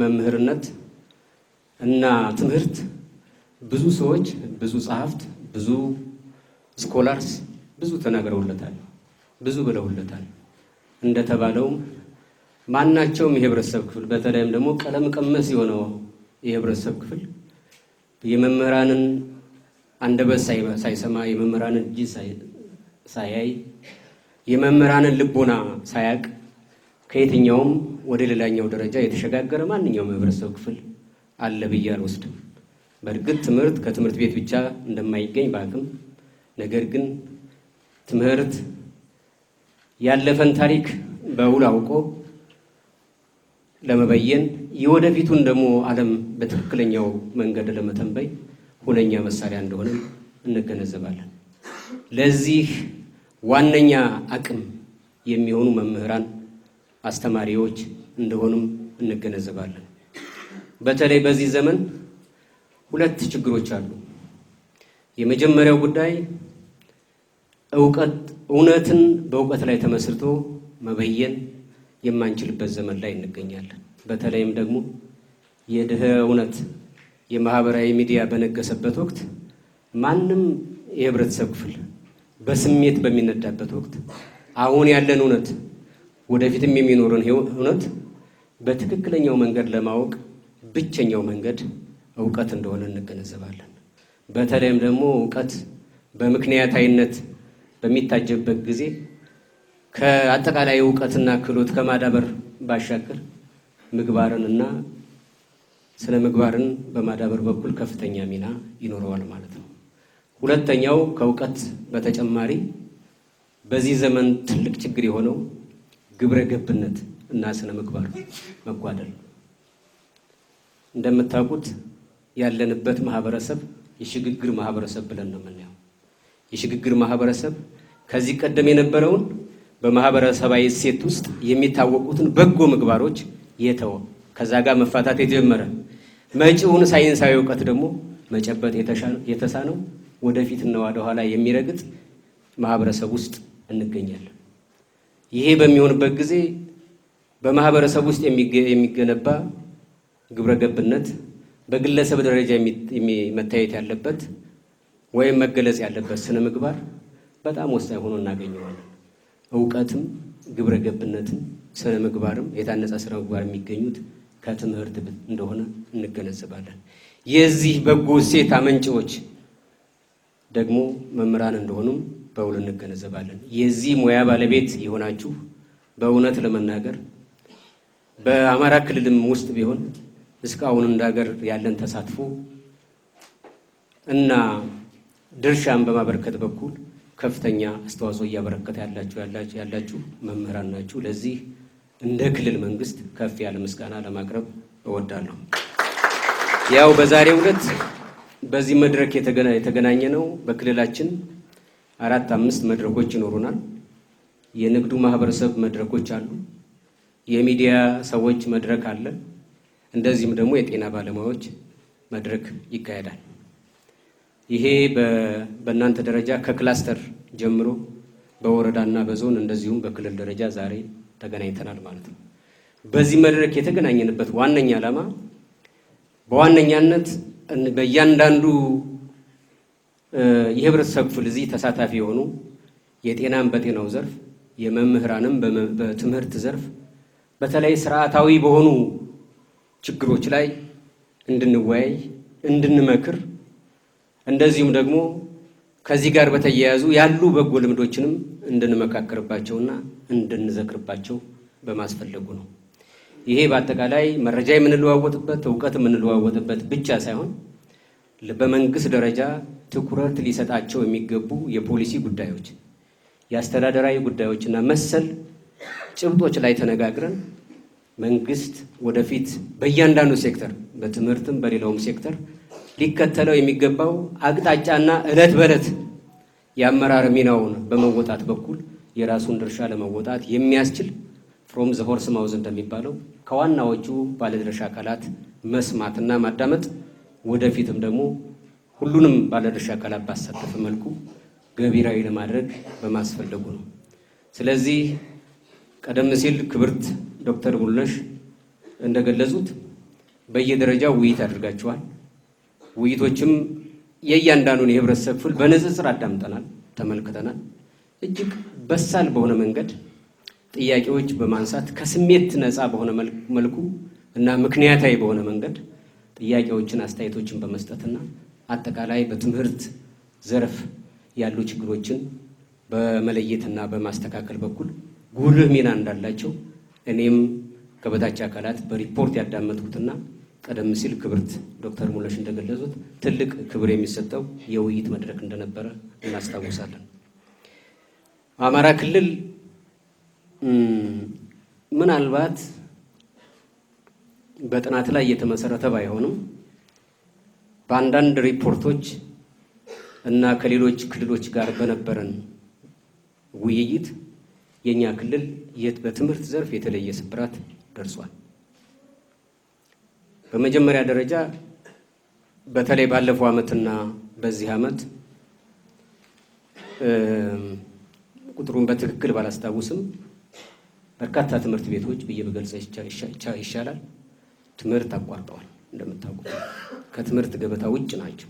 መምህርነት እና ትምህርት ብዙ ሰዎች ብዙ ጸሐፍት ብዙ ስኮላርስ ብዙ ተናግረውለታል፣ ብዙ ብለውለታል። እንደተባለውም ማናቸውም የህብረተሰብ ክፍል በተለይም ደግሞ ቀለም ቀመስ የሆነው የህብረተሰብ ክፍል የመምህራንን አንደበት ሳይሰማ የመምህራንን እጅ ሳያይ የመምህራንን ልቦና ሳያቅ ከየትኛውም ወደ ሌላኛው ደረጃ የተሸጋገረ ማንኛውም ህብረተሰብ ክፍል አለ ብዬ አልወስድም። በእርግጥ ትምህርት ከትምህርት ቤት ብቻ እንደማይገኝ በአቅም ነገር ግን ትምህርት ያለፈን ታሪክ በውል አውቆ ለመበየን የወደፊቱን ደግሞ ዓለም በትክክለኛው መንገድ ለመተንበይ ሁነኛ መሳሪያ እንደሆነ እንገነዘባለን። ለዚህ ዋነኛ አቅም የሚሆኑ መምህራን አስተማሪዎች እንደሆኑም እንገነዘባለን። በተለይ በዚህ ዘመን ሁለት ችግሮች አሉ። የመጀመሪያው ጉዳይ እውቀት እውነትን በእውቀት ላይ ተመስርቶ መበየን የማንችልበት ዘመን ላይ እንገኛለን። በተለይም ደግሞ የድህ እውነት የማህበራዊ ሚዲያ በነገሰበት ወቅት ማንም የህብረተሰብ ክፍል በስሜት በሚነዳበት ወቅት አሁን ያለን እውነት ወደፊትም የሚኖርን እውነት በትክክለኛው መንገድ ለማወቅ ብቸኛው መንገድ እውቀት እንደሆነ እንገነዘባለን። በተለይም ደግሞ እውቀት በምክንያታዊነት በሚታጀብበት ጊዜ ከአጠቃላይ እውቀትና ክህሎት ከማዳበር ባሻገር ምግባርንና ስነ ምግባርን በማዳበር በኩል ከፍተኛ ሚና ይኖረዋል ማለት ነው። ሁለተኛው ከእውቀት በተጨማሪ በዚህ ዘመን ትልቅ ችግር የሆነው ግብረ ገብነት እና ስነ ምግባር መጓደል። እንደምታውቁት ያለንበት ማህበረሰብ የሽግግር ማህበረሰብ ብለን ነው የምናየው። የሽግግር ማህበረሰብ ከዚህ ቀደም የነበረውን በማህበረሰባዊ እሴት ውስጥ የሚታወቁትን በጎ ምግባሮች የተወ ከዛ ጋር መፋታት የጀመረ መጪውን ሳይንሳዊ እውቀት ደግሞ መጨበጥ የተሳነው ወደፊትና ወደኋላ የሚረግጥ ማህበረሰብ ውስጥ እንገኛለን። ይሄ በሚሆንበት ጊዜ በማህበረሰብ ውስጥ የሚገነባ ግብረ ገብነት በግለሰብ ደረጃ መታየት ያለበት ወይም መገለጽ ያለበት ስነ ምግባር በጣም ወሳኝ ሆኖ እናገኘዋለን። እውቀትም ግብረ ገብነትም ስነ ምግባርም የታነጸ ስነ ምግባር የሚገኙት ከትምህርት እንደሆነ እንገነዘባለን። የዚህ በጎ እሴት አመንጭዎች ደግሞ መምህራን እንደሆኑም በእውነት እንገነዘባለን። የዚህ ሙያ ባለቤት የሆናችሁ በእውነት ለመናገር በአማራ ክልልም ውስጥ ቢሆን እስካሁን እንደ ሀገር ያለን ተሳትፎ እና ድርሻን በማበረከት በኩል ከፍተኛ አስተዋጽኦ እያበረከተ ያላችሁ ያላችሁ መምህራን ናችሁ። ለዚህ እንደ ክልል መንግስት ከፍ ያለ ምስጋና ለማቅረብ እወዳለሁ። ያው በዛሬው ዕለት በዚህ መድረክ የተገናኘ ነው በክልላችን አራት አምስት መድረኮች ይኖሩናል። የንግዱ ማህበረሰብ መድረኮች አሉ። የሚዲያ ሰዎች መድረክ አለ። እንደዚህም ደግሞ የጤና ባለሙያዎች መድረክ ይካሄዳል። ይሄ በእናንተ ደረጃ ከክላስተር ጀምሮ በወረዳና በዞን እንደዚሁም በክልል ደረጃ ዛሬ ተገናኝተናል ማለት ነው። በዚህ መድረክ የተገናኘንበት ዋነኛ ዓላማ በዋነኛነት በእያንዳንዱ የህብረተሰብ ክፍል እዚህ ተሳታፊ የሆኑ የጤናን በጤናው ዘርፍ የመምህራንም በትምህርት ዘርፍ በተለይ ስርዓታዊ በሆኑ ችግሮች ላይ እንድንወያይ እንድንመክር እንደዚሁም ደግሞ ከዚህ ጋር በተያያዙ ያሉ በጎ ልምዶችንም እንድንመካከርባቸውና እንድንዘክርባቸው በማስፈለጉ ነው። ይሄ በአጠቃላይ መረጃ የምንለዋወጥበት እውቀት የምንለዋወጥበት ብቻ ሳይሆን በመንግስት ደረጃ ትኩረት ሊሰጣቸው የሚገቡ የፖሊሲ ጉዳዮች፣ የአስተዳደራዊ ጉዳዮችና መሰል ጭብጦች ላይ ተነጋግረን መንግስት ወደፊት በእያንዳንዱ ሴክተር በትምህርትም በሌላውም ሴክተር ሊከተለው የሚገባው አቅጣጫና እለት በእለት የአመራር ሚናውን በመወጣት በኩል የራሱን ድርሻ ለመወጣት የሚያስችል ፍሮም ዘ ሆርስ ማውዝ እንደሚባለው ከዋናዎቹ ባለድርሻ አካላት መስማትና ማዳመጥ ወደፊትም ደግሞ ሁሉንም ባለድርሻ አካላት ባሳተፈ መልኩ ገቢራዊ ለማድረግ በማስፈለጉ ነው። ስለዚህ ቀደም ሲል ክብርት ዶክተር ሙሉነሽ እንደገለጹት በየደረጃው ውይይት አድርጋችኋል። ውይይቶችም የእያንዳንዱን የህብረተሰብ ክፍል በንጽጽር አዳምጠናል፣ ተመልክተናል። እጅግ በሳል በሆነ መንገድ ጥያቄዎች በማንሳት ከስሜት ነፃ በሆነ መልኩ እና ምክንያታዊ በሆነ መንገድ ጥያቄዎችን፣ አስተያየቶችን በመስጠትና አጠቃላይ በትምህርት ዘርፍ ያሉ ችግሮችን በመለየትና በማስተካከል በኩል ጉልህ ሚና እንዳላቸው እኔም ከበታች አካላት በሪፖርት ያዳመጥኩትና ቀደም ሲል ክብርት ዶክተር ሙለሽ እንደገለጹት ትልቅ ክብር የሚሰጠው የውይይት መድረክ እንደነበረ እናስታውሳለን። በአማራ ክልል ምናልባት በጥናት ላይ የተመሰረተ ባይሆንም በአንዳንድ ሪፖርቶች እና ከሌሎች ክልሎች ጋር በነበረን ውይይት የእኛ ክልል በትምህርት ዘርፍ የተለየ ስብራት ደርሷል። በመጀመሪያ ደረጃ በተለይ ባለፈው ዓመትና በዚህ ዓመት ቁጥሩን በትክክል ባላስታውስም በርካታ ትምህርት ቤቶች ብዬ በገልጸ ትምህርት አቋርጠዋል። እንደምታውቁት ከትምህርት ገበታ ውጭ ናቸው።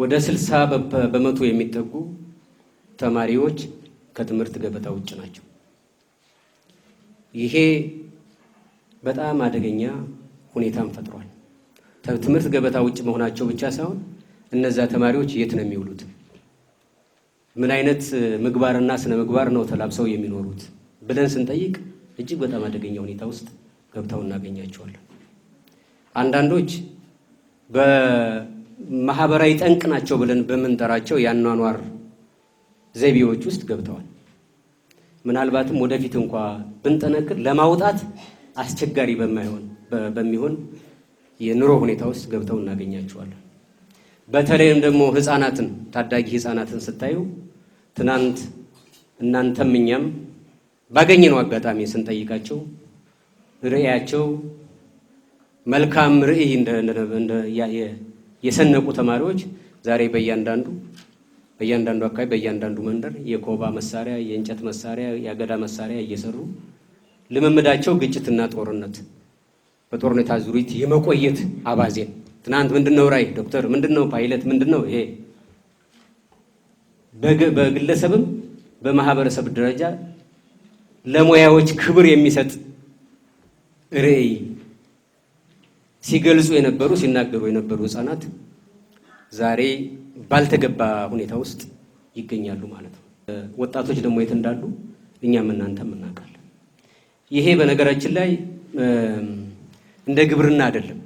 ወደ ስልሳ በመቶ የሚጠጉ ተማሪዎች ከትምህርት ገበታ ውጭ ናቸው። ይሄ በጣም አደገኛ ሁኔታን ፈጥሯል። ትምህርት ገበታ ውጭ መሆናቸው ብቻ ሳይሆን እነዛ ተማሪዎች የት ነው የሚውሉት? ምን አይነት ምግባርና ስነ ምግባር ነው ተላብሰው የሚኖሩት ብለን ስንጠይቅ እጅግ በጣም አደገኛ ሁኔታ ውስጥ ገብተው እናገኛቸዋለን። አንዳንዶች በማህበራዊ ጠንቅ ናቸው ብለን በምንጠራቸው የአኗኗር ዘይቤዎች ውስጥ ገብተዋል። ምናልባትም ወደፊት እንኳ ብንጠነክር ለማውጣት አስቸጋሪ በማይሆን በሚሆን የኑሮ ሁኔታ ውስጥ ገብተው እናገኛቸዋለን። በተለይም ደግሞ ህፃናትን ታዳጊ ህፃናትን ስታዩ ትናንት እናንተም እኛም ባገኘነው አጋጣሚ ስንጠይቃቸው ርእያቸው መልካም ርእይ የሰነቁ ተማሪዎች ዛሬ በእያንዳንዱ በእያንዳንዱ አካባቢ በእያንዳንዱ መንደር የኮባ መሳሪያ፣ የእንጨት መሳሪያ፣ የአገዳ መሳሪያ እየሰሩ ልምምዳቸው ግጭትና ጦርነት በጦርነት አዙሪት የመቆየት አባዜ ትናንት ምንድነው ራይ ዶክተር ምንድነው ፓይለት ምንድነው ይሄ በግለሰብም በማህበረሰብ ደረጃ ለሙያዎች ክብር የሚሰጥ ሬይ ሲገልጹ የነበሩ ሲናገሩ የነበሩ ህጻናት ዛሬ ባልተገባ ሁኔታ ውስጥ ይገኛሉ ማለት ነው። ወጣቶች ደግሞ የት እንዳሉ እኛም እናንተም እናውቃለን። ይሄ በነገራችን ላይ እንደ ግብርና አይደለም፣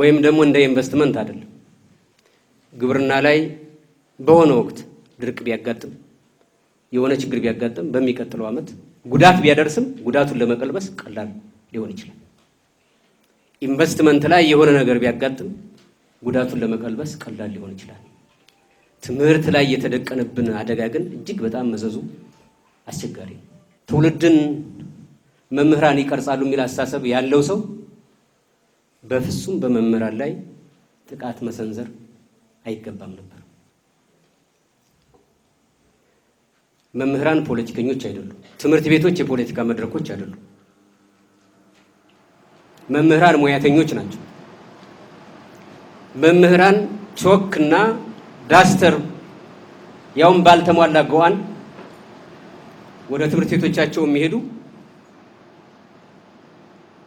ወይም ደግሞ እንደ ኢንቨስትመንት አይደለም። ግብርና ላይ በሆነ ወቅት ድርቅ ቢያጋጥም የሆነ ችግር ቢያጋጥም በሚቀጥለው ዓመት ጉዳት ቢያደርስም ጉዳቱን ለመቀልበስ ቀላል ሊሆን ይችላል። ኢንቨስትመንት ላይ የሆነ ነገር ቢያጋጥም ጉዳቱን ለመቀልበስ ቀላል ሊሆን ይችላል። ትምህርት ላይ የተደቀነብን አደጋ ግን እጅግ በጣም መዘዙ አስቸጋሪ ነው። ትውልድን መምህራን ይቀርጻሉ የሚል አስተሳሰብ ያለው ሰው በፍጹም በመምህራን ላይ ጥቃት መሰንዘር አይገባም ነበር። መምህራን ፖለቲከኞች አይደሉም። ትምህርት ቤቶች የፖለቲካ መድረኮች አይደሉም። መምህራን ሙያተኞች ናቸው። መምህራን ቾክና ዳስተር ያውም ባልተሟላ ገዋን ወደ ትምህርት ቤቶቻቸው የሚሄዱ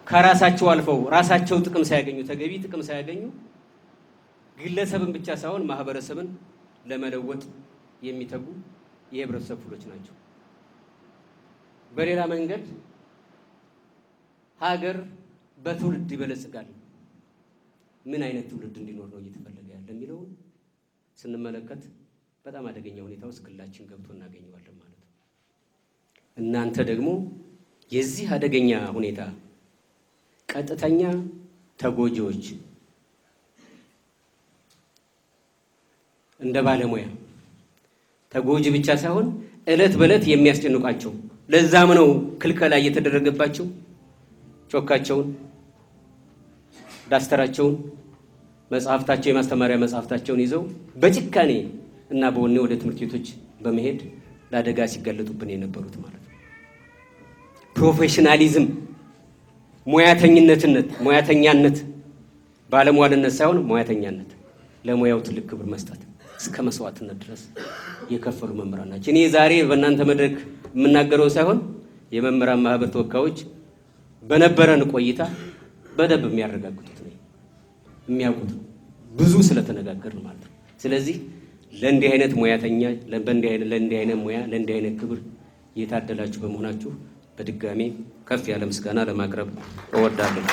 ከራሳቸው አልፈው ራሳቸው ጥቅም ሳያገኙ ተገቢ ጥቅም ሳያገኙ ግለሰብን ብቻ ሳይሆን ማህበረሰብን ለመለወጥ የሚተጉ የህብረተሰብ ክፍሎች ናቸው። በሌላ መንገድ ሀገር በትውልድ ይበለጽጋል። ምን አይነት ትውልድ እንዲኖር ነው እየተፈለገ ያለ የሚለውን ስንመለከት በጣም አደገኛ ሁኔታ ውስጥ ክልላችን ገብቶ እናገኘዋለን ማለት ነው። እናንተ ደግሞ የዚህ አደገኛ ሁኔታ ቀጥተኛ ተጎጂዎች እንደ ባለሙያ ተጎጂ ብቻ ሳይሆን እለት በእለት የሚያስጨንቋቸው ለዛም ነው ክልከላ እየተደረገባቸው ቾካቸውን፣ ዳስተራቸውን፣ መጽሐፍታቸው የማስተማሪያ መጽሐፍታቸውን ይዘው በጭካኔ እና በወኔ ወደ ትምህርት ቤቶች በመሄድ ለአደጋ ሲጋለጡብን የነበሩት ማለት ነው። ፕሮፌሽናሊዝም ሙያተኝነትነት ሙያተኛነት ባለሟልነት ሳይሆን ሙያተኛነት ለሙያው ትልቅ ክብር መስጠት እስከ መስዋዕትነት ድረስ የከፈሉ መምህራን ናቸው። እኔ ዛሬ በእናንተ መድረክ የምናገረው ሳይሆን የመምህራን ማህበር ተወካዮች በነበረን ቆይታ በደንብ የሚያረጋግጡት ነው የሚያውቁት ብዙ ስለተነጋገርን ማለት ነው። ስለዚህ ለእንዲህ አይነት ሙያተኛ ለእንዲህ አይነት ሙያ ለእንዲህ አይነት ክብር የታደላችሁ በመሆናችሁ በድጋሚ ከፍ ያለ ምስጋና ለማቅረብ እወዳለሁ።